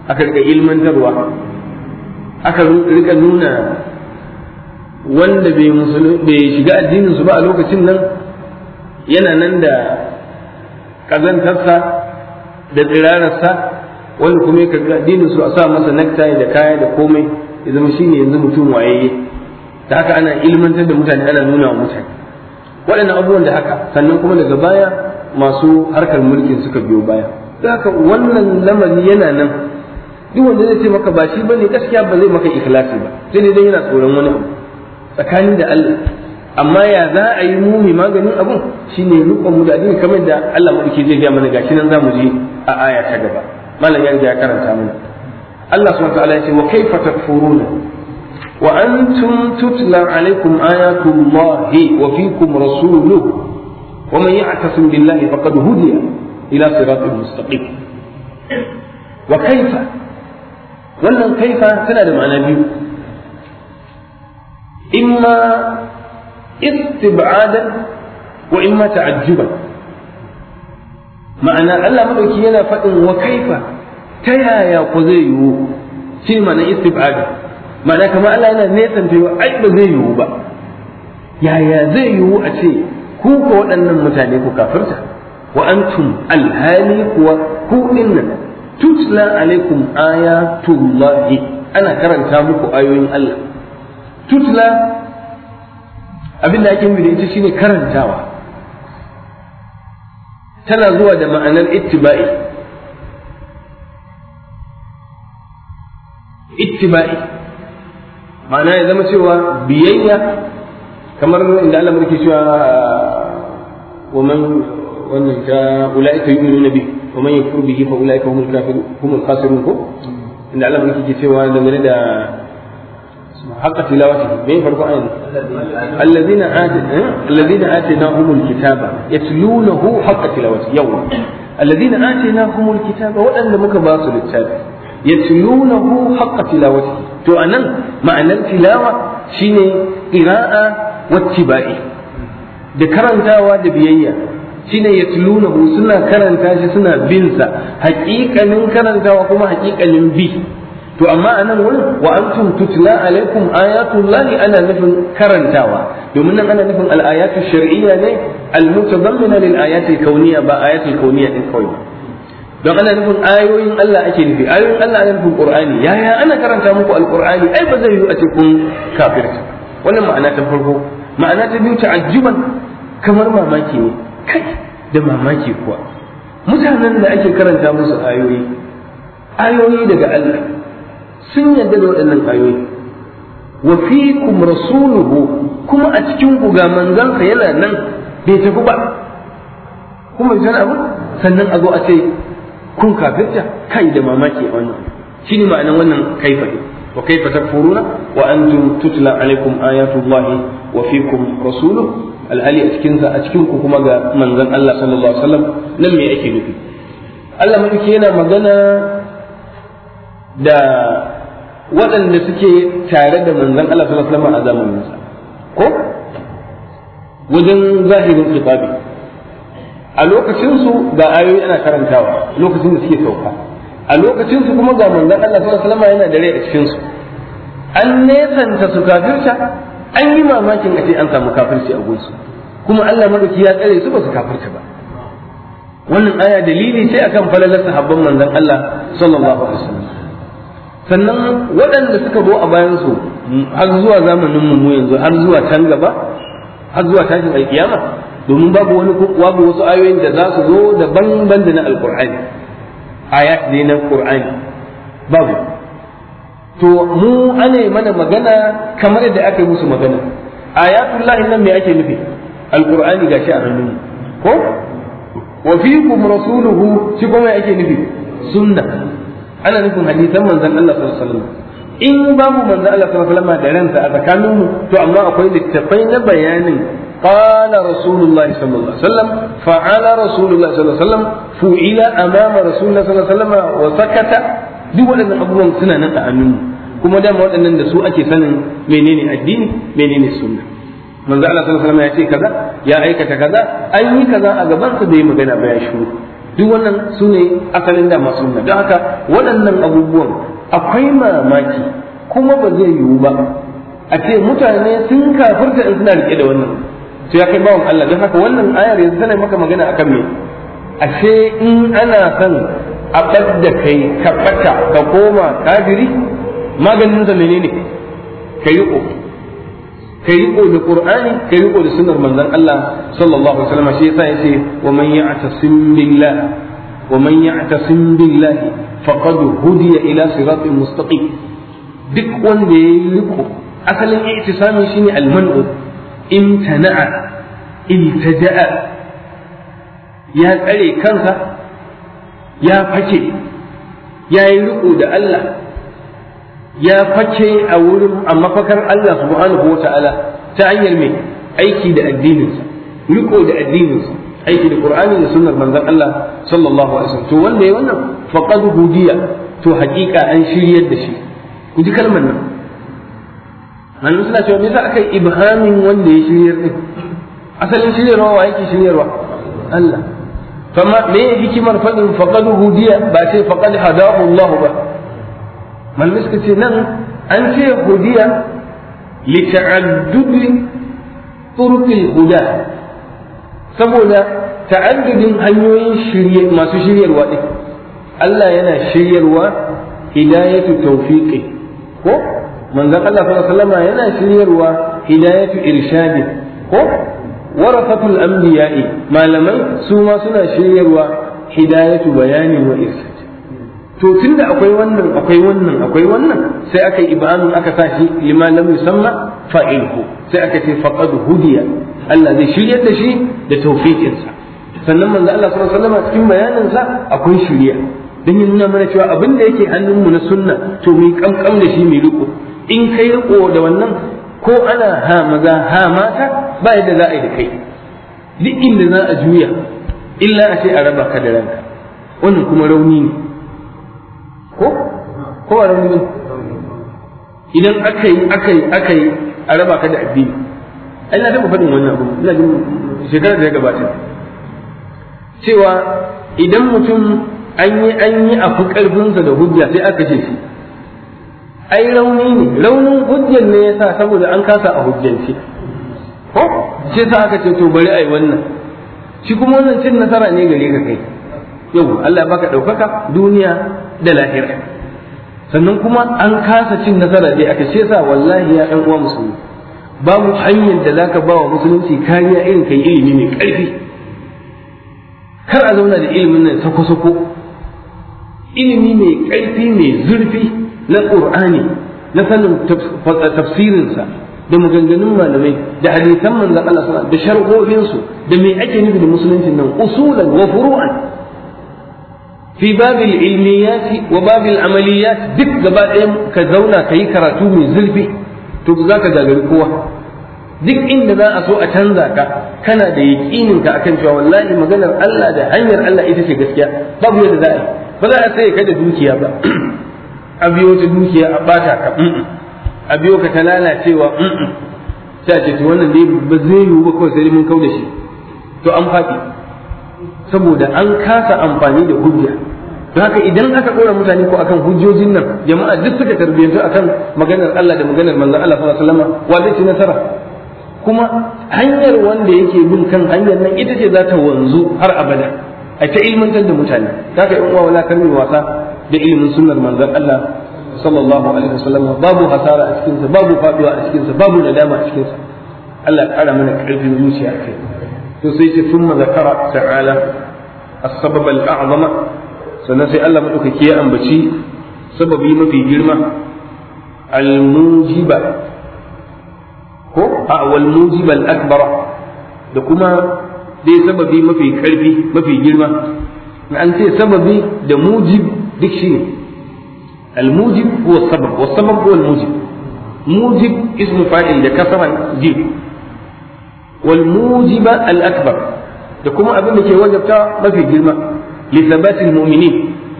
aka rika ilmantarwa aka rika nuna wanda bai shiga addininsu ba a lokacin nan yana nan da kazantarsa da tsirararsa wani kuma ya kaga addinin su a sa masa nakta da kaya da komai ya zama shine yanzu mutum wayayye ta haka ana ilmantar da mutane ana nuna wa mutane waɗannan abubuwan da haka sannan kuma daga baya masu harkar mulkin suka biyo baya ta haka wannan lamari yana nan duk wanda zai ce maka ba shi bane gaskiya ba zai maka ikhlasi ba sai dai yana tsoron wani tsakani tsakanin da Allah amma ya za a yi muni maganin abun shine rukun mu kamar da Allah madauki zai ga mana gashi nan zamu je a aya ta gaba malam yanzu ya karanta mana Allah subhanahu wa ta'ala yace wa kaifa takfurun wa antum tutla alaikum ayatullahi wa fikum rasuluhu wa man ya'tasim billahi faqad hudiya ila siratil mustaqim wa kaifa wannan kaifa tana da ma'ana biyu imma istib'adan wa imma ta'ajjuban ma'ana Allah madauki yana faɗin wa kaifa ta yaya ko zai yiwu shi ma'ana istib'adan ma'ana kamar Allah yana nesa ta ai ba zai yiwu ba yaya zai yiwu a ce ku waɗannan mutane ku kafirta wa antum alhali kuwa ku dinnan tutla alaikum ayatullahi ana karanta muku ayoyin Allah tutla abin da ake nufi da ita shine karantawa tana zuwa da ma'anar ittiba'i ittiba'i ma'ana ya zama cewa biyayya kamar inda Allah mulki cewa wa man wannan ta ulaika yu'minuna bi wa man yakfur bihi fa ulaika humul kafirun humul khasirun ko inda Allah mulki cewa dangane da حق تلاوته مين فرقوا عين الذين آتنا الذين آتيناهم الكتاب يتلونه حق تلاوته يوم الذين آتيناهم الكتاب وأن مك باصل التاب يتلونه حق تلاوته تو أنا معنى التلاوة شيني قراءة واتباعي da karantawa da biyayya shine ya tulunahu suna karanta shi suna binsa hakikanin karantawa kuma hakikanin bi to amma a nan wurin wa antum tutla alaikum ayatullahi ana nufin karantawa domin nan ana nufin al-ayatu shar'iyya ne al-mutadammina lil ayati kauniya ba ayati kauniya din kawai don ana nufin ayoyin Allah ake nufi ayoyin Allah ana nufin Qur'ani yaya ana karanta muku al-Qur'ani ai ba zai yi a cikin kafirta wannan ma'ana ta farko ma'ana ta biyu ta'ajjuban kamar mamaki ne kai da mamaki kuwa mutanen da ake karanta musu ayoyi ayoyi daga Allah sun yarda da waɗannan ayoyi wa fi kum rasuluhu kuma a cikin ku ga ka yana nan bai tafi ba kuma san abu sannan a zo a ce kun kafirta kai da mamaki wannan shine ma'anar wannan kaifa ne wa kaifa takfuruna wa tun tutla alaikum ayatullahi wa kum rasuluhu alhali a cikin a cikin ku kuma ga manzon Allah sallallahu alaihi wasallam nan me yake nufi Allah mai yana magana da waɗanda suke tare da manzon Allah sallallahu alaihi wasallam a zamaninsa ko wajen zahirin kitabi a lokacinsu ga ayoyi ana karantawa lokacin da suke sauka a lokacinsu kuma ga manzon Allah sallallahu alaihi wasallam yana da rai a cikin su an nesanta su kafirta an yi mamakin a ce an samu kafirci a gunsu kuma Allah madauki ya tsare su ba su kafirta ba wannan aya dalili ce akan falalar sahabban manzon Allah sallallahu alaihi wasallam sannan waɗanda suka zo a bayansu har zuwa zamanin mu yanzu har zuwa can gaba har zuwa tashin alkiyama domin babu wani ba wasu ayoyin da za su zo da ban da na alkur'ani ayat ne na qur'ani babu to mu ana mana magana kamar yadda aka yi musu magana ayatullahi nan me ake nufi alkur'ani gashi a hannun ko wa fiikum rasuluhu shi kuma ake nufi sunna ana nufin hadisan manzon Allah sallallahu alaihi wasallam in babu manzon Allah sallallahu alaihi da ransa a tsakanin mu to amma akwai littafai na bayanin قال رسول الله صلى الله عليه وسلم فعل رسول الله صلى الله عليه وسلم فعل امام رسول الله duk waɗannan abubuwan suna nan tsakanin mu kuma dama waɗannan da su ake sanin menene addini menene sunna manzo Allah sallallahu alaihi wasallam ya ce kaza ya aikata kaza an yi kaza a gaban sa da yi magana ba ya shiru duk wannan su ne asalin da masu nuna don haka waɗannan abubuwan akwai mamaki kuma ba zai yiwu ba a ce mutane sun kafirta in suna riƙe da wannan to ya kai bawan Allah don haka wannan ayar yanzu tana maka magana akan me ashe in ana son a da kai ka ɓata ka koma kafiri maganin sa menene ka yi uku kai yi da qur'ani kai yi da sunnar manzon Allah sallallahu alaihi wasallam shi yasa yace wa man ya'tasim billah wa man ya'tasim billah faqad hudiya ila siratin mustaqim duk wanda ya yi riko asalin i'tisami shine al-man'u imtana'a iltaja'a ya tsare kansa ya fake ya yi riko da Allah ya fake a wurin a mafakar Allah subhanahu wa ta'ala ta hanyar mai aiki da addininsa riko da addininsa aiki da qur'ani da sunnar manzon Allah sallallahu alaihi wasallam to wanda ya wannan faqad hudiya to haƙiƙa an shiryar da shi ku ji kalmar nan malamin suna cewa me yasa aka yi ibhamin wanda ya shiryar din asalin shiryarwa wa yake shiryarwa Allah fama me hikimar fadin faqad hudiya ba sai faqad hadahu Allah ba malamai suka ce nan an ce hudiya li ta'addudi turqil huda saboda ta'addudin hanyoyin shirye masu shiryarwa din Allah yana shiryarwa hidayatu tawfiqi ko manzon Allah sallallahu alaihi yana shiryarwa hidayatu irshadi ko warasatul anbiya'i malamai su ma suna shiryarwa hidayatu bayani wa irshad to tunda akwai wannan akwai wannan akwai wannan sai aka yi ibanun aka sa shi lima lam yusamma fa'ilhu sai aka ce faqad hudiya Allah zai shiryar da shi da tawfiqin sa sannan manzo Allah sallallahu alaihi wasallam cikin bayanin sa akwai shiriya dan yin nuna mana cewa abin da yake hannun mu na sunna to mu kamkam da shi mu riko in kai riko da wannan ko ana ha maza ha mata ba yadda za a yi da kai duk inda za a juya illa a ce a raba ka da ranka wannan kuma rauni ne ko ko ba rauni idan aka yi aka yi aka yi a raba ka da addini ai na taɓa faɗin wannan abu ina jin shekarar da ya gabata cewa idan mutum an yi an yi a fi ƙarfinsa da hujja sai aka ce shi ai rauni ne raunin hujjan ne yasa saboda an kasa a hujjanci ko sai sa aka ce to bari ai wannan shi kuma wannan cin nasara ne gare ka kai yau Allah baka ɗaukaka duniya da lahira sannan kuma an kasa cin nasara dai aka ce sa wallahi ya ɗan uwa musulmi babu hanyar da zaka ba wa musulunci kariya irin kai ilimi mai ƙarfi kar a zauna da ilimin nan sako-sako ilimi mai ƙarfi mai zurfi na ƙur'ani na sanin tafsirinsa da maganganun malamai da hadisan manzon Allah da sharhohinsu da me ake nufi da musulunci nan usulan wa furu'an fi babil ilmiyati wa babil amaliyat duk gaba ɗaya ka zauna ka yi karatu mai zurfi to za ka kowa duk inda za a so a canza ka kana da yaƙininka akan cewa wallahi maganar Allah da hanyar Allah ita ce gaskiya babu yadda za a ba za a sai ka da dukiya ba a biyo ta dukiya a bata ka a biyo ka ta lalacewa ce wannan ba zai yiwu ba kawai sai mun kauda shi to an faɗi saboda an kasa amfani da hujja don haka idan aka ɗora mutane ko akan hujjojin nan jama'a duk suka tarbiyyantu akan maganar Allah da maganar manzon Allah sallallahu alaihi wasallam wa zai ci nasara kuma hanyar wanda yake bin kan hanyar nan ita ce za ta wanzu har abada a ta ilmantar da mutane za ka yi uwa wala karmi wasa da ilimin sunnar manzon Allah sallallahu alaihi wasallam babu hasara a cikinsa babu faduwa a cikinsa babu nadama a cikinsa Allah ƙara mana ƙarfin zuciya kai to sai ce thumma zakara ta'ala as-sabab al-a'zama sannan sai Allah madaukaki ya ambaci sababi mafi girma al-mujiba ko a wal mujiba akbar da kuma dai sababi mafi karfi mafi girma an ce sababi da mujib duk shi al-mujib huwa sabab wa sabab huwa al-mujib mujib ismu fa'il da kasaran jib wal mujiba al-akbar da kuma abin da ke wajabta mafi girma li thabatil mu'minin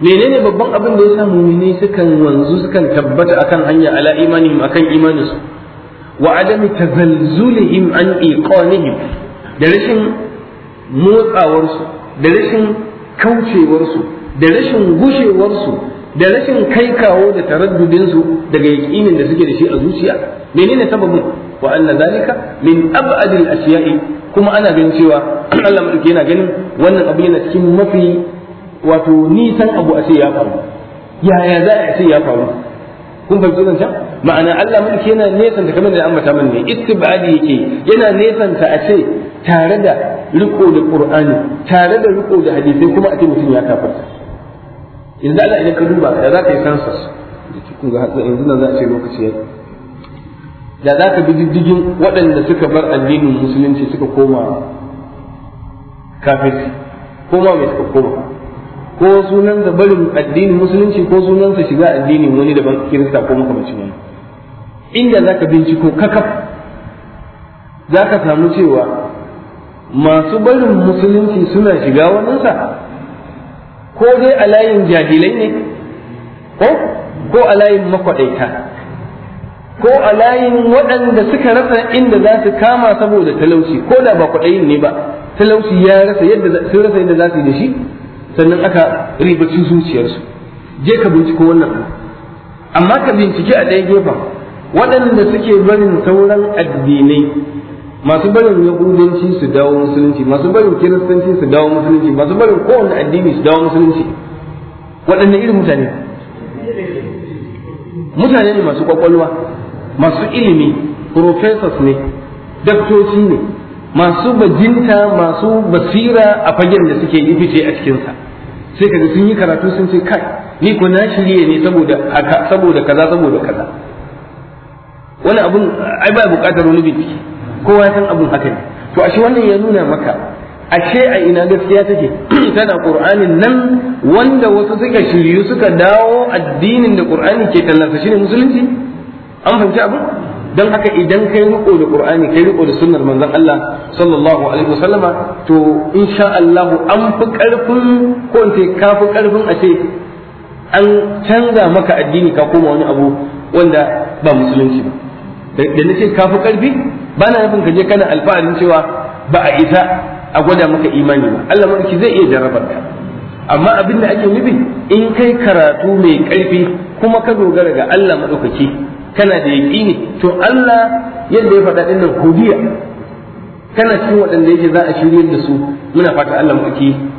menene babban abin da yasa mu'mini sukan wanzu sukan tabbata akan hanya ala imanihim akan imaninsu wa adami tazalzulihim an iqanihim da rashin motsawarsu da rashin kaucewarsu da rashin gushewarsu da rashin kai kawo da taraddudinsu daga yaƙinin da suke da shi a zuciya menene sababin wa anna zalika min ab'adil ashiya'i kuma ana ganin cewa Allah madauki yana ganin wannan abu yana cikin mafi wato nisan abu a ce ya faru yaya za a ce ya faru kun fahimci zan can ma'ana Allah mulki yana ta kamar da ambata min ne istibadi yake yana ta a ce tare da riko da qur'ani tare da riko da hadisi kuma a ce mutum ya kafarta idan Allah idan ka duba da za ka yi census kun ga yanzu nan za a ce lokaci ya da za ka bi diddigin waɗanda suka bar addinin musulunci suka koma kafirci koma mai suka koma ko sunan da barin addinin musulunci ko sunan sa shiga addinin wani daban kirista ko makamancin wani inda zaka binciko kakaf zaka samu cewa masu barin musulunci suna shiga sa ko dai a layin jahilai ne ko ko a layin makwaɗaita ko a layin waɗanda suka rasa inda za su kama saboda talauci ko da ba kwaɗayin ne ba talauci ya rasa yadda sun rasa yadda za su yi da shi sannan aka ribaci zuciyarsu je ka binciko wannan amma ka bincike a ɗaya gefen waɗanda suke barin sauran addinai masu barin yahudanci su dawo musulunci masu barin kiristanci su dawo musulunci masu barin kowane addini su dawo musulunci waɗanne irin mutane mutane ne masu kwakwalwa masu ilimi professors ne daktoci ne masu bajinta masu basira a fagen da suke yi fice a cikinsa sai kaga sun yi karatu sun ce kai ni ko na shirye ne saboda haka saboda kaza saboda kaza wani abun ai ba buƙatar wani bincike kowa san abun haka ne to ashe wannan ya nuna maka ashe a ina gaskiya take tana qur'anin nan wanda wasu suka shiryu suka dawo addinin da qur'ani ke tallarsa shine musulunci an fahimci abin don haka idan kai riko da qur'ani kai riko da sunnar manzon Allah sallallahu alaihi wasallama to insha Allah an fi karfin ko in ce ka karfin a ce an canza maka addini ka koma wani abu wanda ba musulunci ba da nace ka fi karfi ba na nufin ka je kana alfaharin cewa ba a isa a gwada maka imani ba Allah madauki zai iya jarabar ka amma abin da ake nufi in kai karatu mai karfi kuma ka dogara ga Allah madaukaki kana da yaƙini to Allah yadda ya faɗa ɗin nan hudiya kana cikin waɗanda yake za a shiryar da su muna fata Allah mu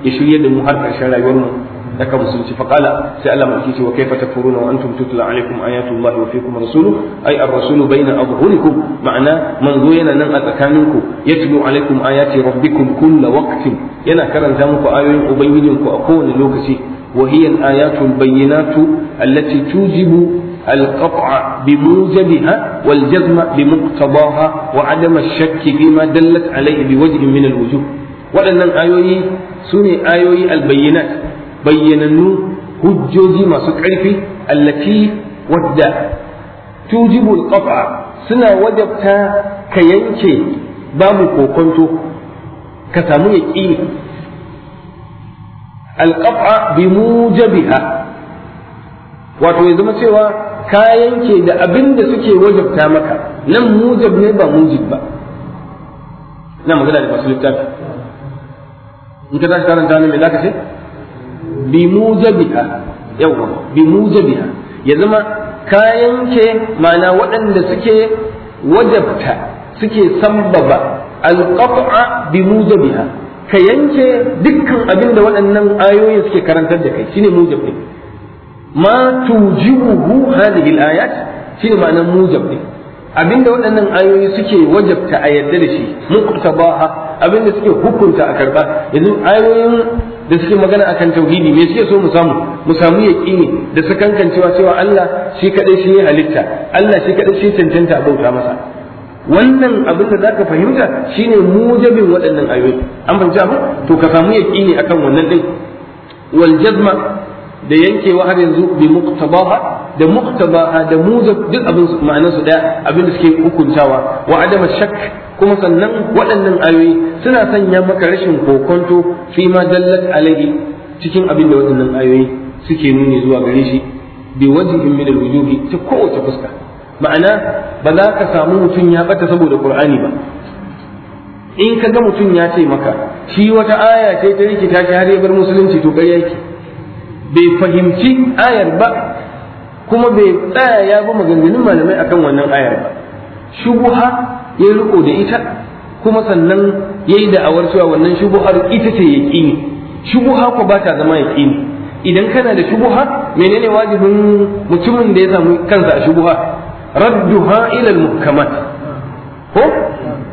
ya shiryar da mu har ƙarshen rayuwar mu da ka musulci faqala sai Allah mu ake cewa kaifa takfuruna wa antum tutla alaikum ayatullahi wa fiikum rasulu ay ar-rasulu baina adhhurikum ma'ana manzo yana nan a tsakaninku yatlu alaikum ayati rabbikum kulla waqtin yana karanta muku ayoyin ubangijinku a kowane lokaci وهي ayatul البينات التي tujibu. القطع بموجبها والجزم بمقتضاها وعدم الشك فيما دلت عليه بوجه من الوجوه waɗannan ayoyi su ne ayoyi albayyanat bayyanannu hujjoji masu ƙarfi allati wadda tujibul qat'a suna wajabta ka yanke babu kokonto ka samu yaqini alqat'a bi mujabiha wato ya zama cewa ka yanke da abin da suke wajabta maka nan mujab ne ba mujib ba na magana da masu littafi in ka tashi karanta ne me zaka ce bi mujabiha yawwa bi mujabiha ya zama ka yanke ma'ana waɗanda suke wajabta suke sambaba alqat'a bi mujabiha ka yanke dukkan abin da waɗannan ayoyi suke karantar da kai shine mujab ne ma tujibuhu hadhihi al-ayat shine ma'anar mujab abinda waɗannan ayoyi suke wajabta a yadda da shi ha? abinda suke hukunta a karba yanzu ayoyin da suke magana akan tauhidi me suke so mu samu mu samu yaqini da sakankancewa cewa Allah shi kadai shi ne halitta Allah shi kadai shi cancanta bauta masa wannan abin da zaka fahimta shine mujabin waɗannan ayoyi an fahimci to ka samu yaqini akan wannan din wal jazma da yankewa har yanzu bi muqtabaha da muqtabaha da muza duk abin su ma'anar su da abin da suke hukuntawa wa adama shak kuma sannan waɗannan ayoyi suna sanya maka rashin kokonto fi ma dallat alaihi cikin abin da waɗannan ayoyi suke nuni zuwa gare shi bi wajhin min alwujuhi ta kowace fuska ma'ana ba za ka samu mutum ya bata saboda qur'ani ba in ka ga mutum ya ce maka shi wata aya ce ta rikita shi har ya bar musulunci to ƙarya yake bai fahimci ayar ba kuma bai tsaya ya ba maganganun malamai akan wannan ayar ba shubuha ya riko da ita kuma sannan ya yi da'awar cewa wannan shubuhar ita ce ya ƙini shubuha ko ba ta zama ya ƙini idan kana da shubuha menene wajibin mutumin da ya samu kansa a shubuha radduha ila muhkamat ko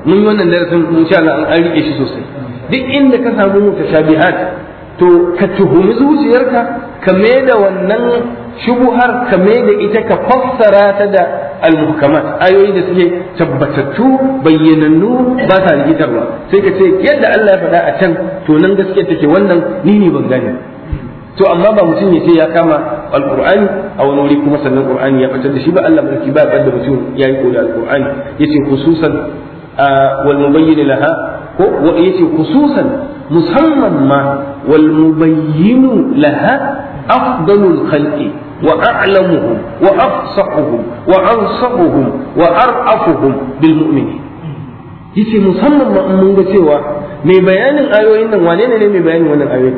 mun yi wannan darasin insha Allah an rike shi sosai duk inda ka samu mutashabihat to ka tuhumi zuciyarka ka da wannan shubuhar ka da ita ka fassara ta da almuhkamat ayoyi da suke tabbatattu bayyanannu ba sa rikitarwa sai ka ce yadda Allah ya faɗa a can to nan gaskiya take wannan ni ne ban gane to amma ba mutum ya ce ya kama alqur'ani a wani wuri kuma sannan qur'ani ya fitar da shi ba Allah barki ba da mutum ya yi koda alqur'ani yace khususan wal mubayyin laha ko yace khususan مصمم والمبين لها أفضل الخلق وأعلمهم وأفصحهم وأنصفهم وأرأفهم بالمؤمنين يسي مصمم من قسوة مي بيان الآيو إنن وانين لي مي بيان وانن آيو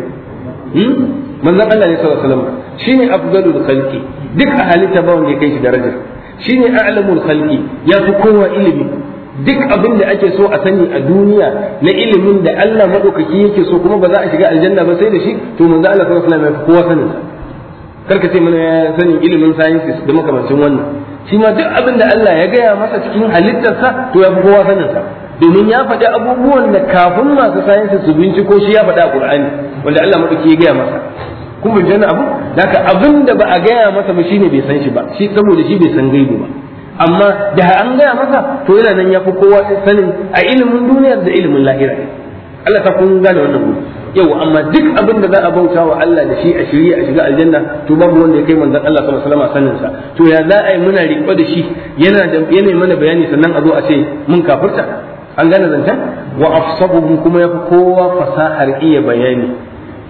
من ذا قال عليه الصلاة والسلام شيني أفضل الخلق ديك أهل تباون لكيش درجة شيني أعلم الخلق يا تقوى إلي منه duk abin da ake so a sani a duniya na ilimin da Allah madaukaki yake so kuma ba za a shiga aljanna ba sai da shi to manzo Allah sallallahu alaihi wasallam kowa sanin karka ce mana sanin ilimin sciences da makamancin wannan shi ma duk abin da Allah ya gaya masa cikin halittarsa to ya fi kowa sanin sa domin ya faɗi abubuwan da kafin masu sciences su binciko shi ya faɗi a Qur'ani wanda Allah madaukaki ya gaya masa kuma jana abu da abin da ba a gaya masa ba shine bai san shi ba shi saboda shi bai san gaibu ba amma da an gaya masa to yana nan ya fi kowa sanin a ilimin duniyar da ilimin lahira Allah ta kun gane wannan gudu yau amma duk abin da za a bauta wa Allah da shi a shirye a shiga aljanna to babu wanda ya kai manzon Allah sallallahu alaihi wasallam sanin sa to ya za a yi muna riƙo da shi yana da yana mana bayani sannan a zo a ce mun kafirta an gane zancen wa afsabuhum kuma yafi kowa fasahar iya bayani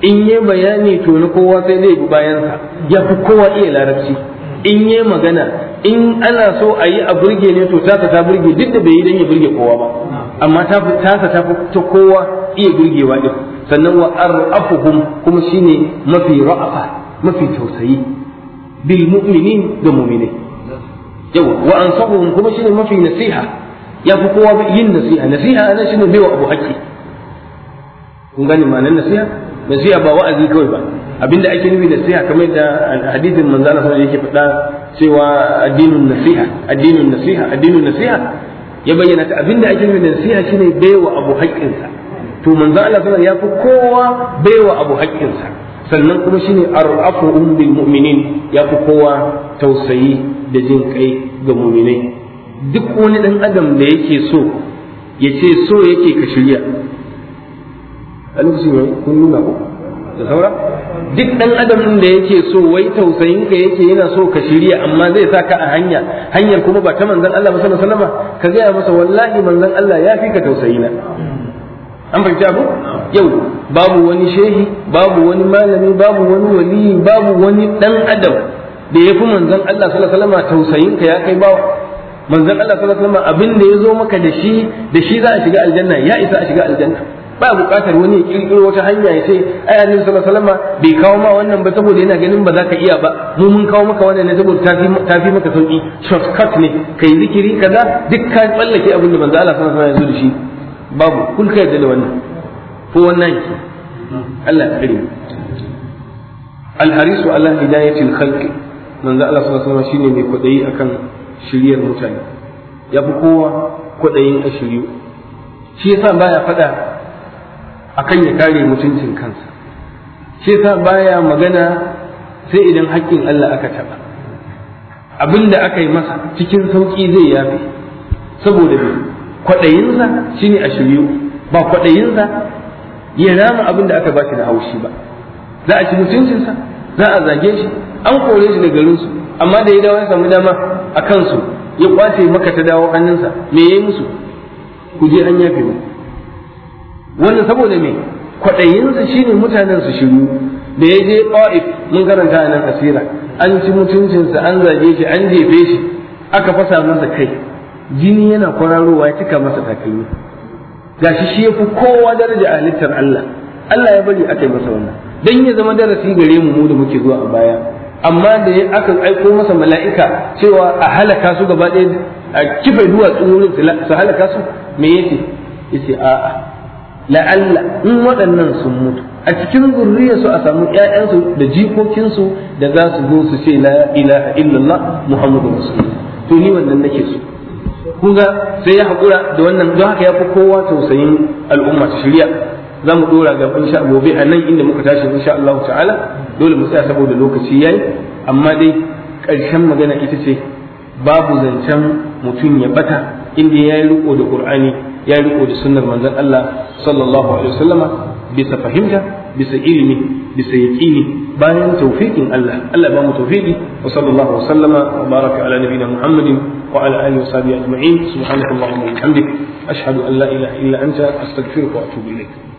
in yi bayani to ni kowa sai zai bi bayansa ya fi kowa iya larabci in yi magana in ana so a yi a burge ne to tasa ta burge duk da bai yi don ya burge kowa ba amma tasa ta ta kowa iya burgewa din sannan wa ar'afuhum kuma shine mafi ra'afa mafi tausayi bil mu'minin da mu'mini yawa wa ansahuhum kuma shine mafi nasiha ya fi kowa yin nasiha nasiha ana shine bai wa abu haƙƙi kun gane ma'anar nasiha nasiha ba wa'azi kawai ba abinda ake nufi nasiha kamar da hadisin manzana Allah yake faɗa cewa addinin nasiha addinin nasiha addinin nasiha ya bayyana ta abinda ake nufi nasiha shine baiwa abu haƙƙinsa to manzo Allah ya fi kowa baiwa abu haƙƙinsa sannan kuma shine ar'afu bil mu'minin ya fi kowa tausayi da jin kai ga mu'minai duk wani dan adam da yake so ya ce so yake ka shirya a lokacin kun nuna ku da saura duk dan adam din da yake so wai tausayin ka yake yana so ka shirya amma zai sa ka a hanya hanyar kuma ba ta manzon Allah sallallahu alaihi wasallam ka gaya masa wallahi manzon Allah ya fi ka tausayi na an fahimta abu yau babu wani shehi babu wani malami babu wani wali babu wani dan adam da ya fi manzon Allah sallallahu alaihi wasallam tausayin ka ya kai bawa manzon Allah sallallahu alaihi wasallam abin da ya zo maka da shi da shi za a shiga aljanna ya isa a shiga aljanna ba buƙatar wani ya kirkiro wata hanya ya ce ai annabi sallallahu alaihi wasallam bai kawo ma wannan ba saboda yana ganin ba za ka iya ba mu mun kawo maka wannan ne saboda ta fi maka sauki shortcut ne kai zikiri kaza duk ka tsallake abin da manzo Allah sallallahu alaihi wasallam ya zo da shi babu kun kai da wannan ko wannan ki Allah ya kare al-harisu ala hidayatil khalq manzo Allah sallallahu alaihi wasallam shine mai kwadayi akan shiryar mutane ya fi kowa kwadayin a shi yasa baya faɗa akan ya kare mutuncin kansa shi sa baya magana sai idan haƙƙin Allah aka taɓa abin da aka yi masa cikin sauƙi zai yafe saboda me kwaɗayinsa shine a shirye ba kwaɗayinsa ya rama abin da aka ba shi da haushi ba za a ci mutuncinsa za a zage shi an kore shi da garinsu amma da ya dawo ya samu dama a kansu ya ƙwace maka ta dawo hannunsa me ya yi musu ku je an yafe mu wannan saboda me kwaɗayinsa shine mutanen su shiru da ya je ƙa'if mun karanta nan asira an ci mutuncinsa an zage shi an jefe shi aka fasa masa kai jini yana kwararowa ya cika masa takalmi Ga shi shi yafi kowa daraja a halittar Allah Allah ya bari aka yi masa wannan dan ya zama darasi gare mu mu da muke zuwa a baya amma da ya aka aiko masa mala'ika cewa a halaka su gaba ɗaya a kife duwatsu wurin su halaka su me yake yace a'a la'alla in waɗannan sun mutu a cikin zurriyarsu a samu ƴaƴansu da jikokinsu da za su zo su ce la ilaha illallah muhammadu rasulullah to ni wannan nake so kuga sai ya haƙura da wannan don haka ya fi kowa tausayin al'umma ta shirya za mu ɗora ga insha gobe a nan inda muka tashi insha Allah ta'ala dole mu tsaya saboda lokaci yayi amma dai ƙarshen magana ita ce babu zancen mutum ya bata inda ya yi riko da ƙur'ani. ya riko da sunnar manzon Allah sallallahu alaihi wasallama bisa fahimta bisa ilimi bisa yaqini bayan tawfiqin Allah Allah ba mu tawfiqi wa sallallahu wasallama wa baraka ala nabiyyina Muhammadin wa ala alihi wa sahbihi ajma'in subhanakallahumma wa bihamdik ashhadu an la ilaha illa anta astaghfiruka wa atubu ilayk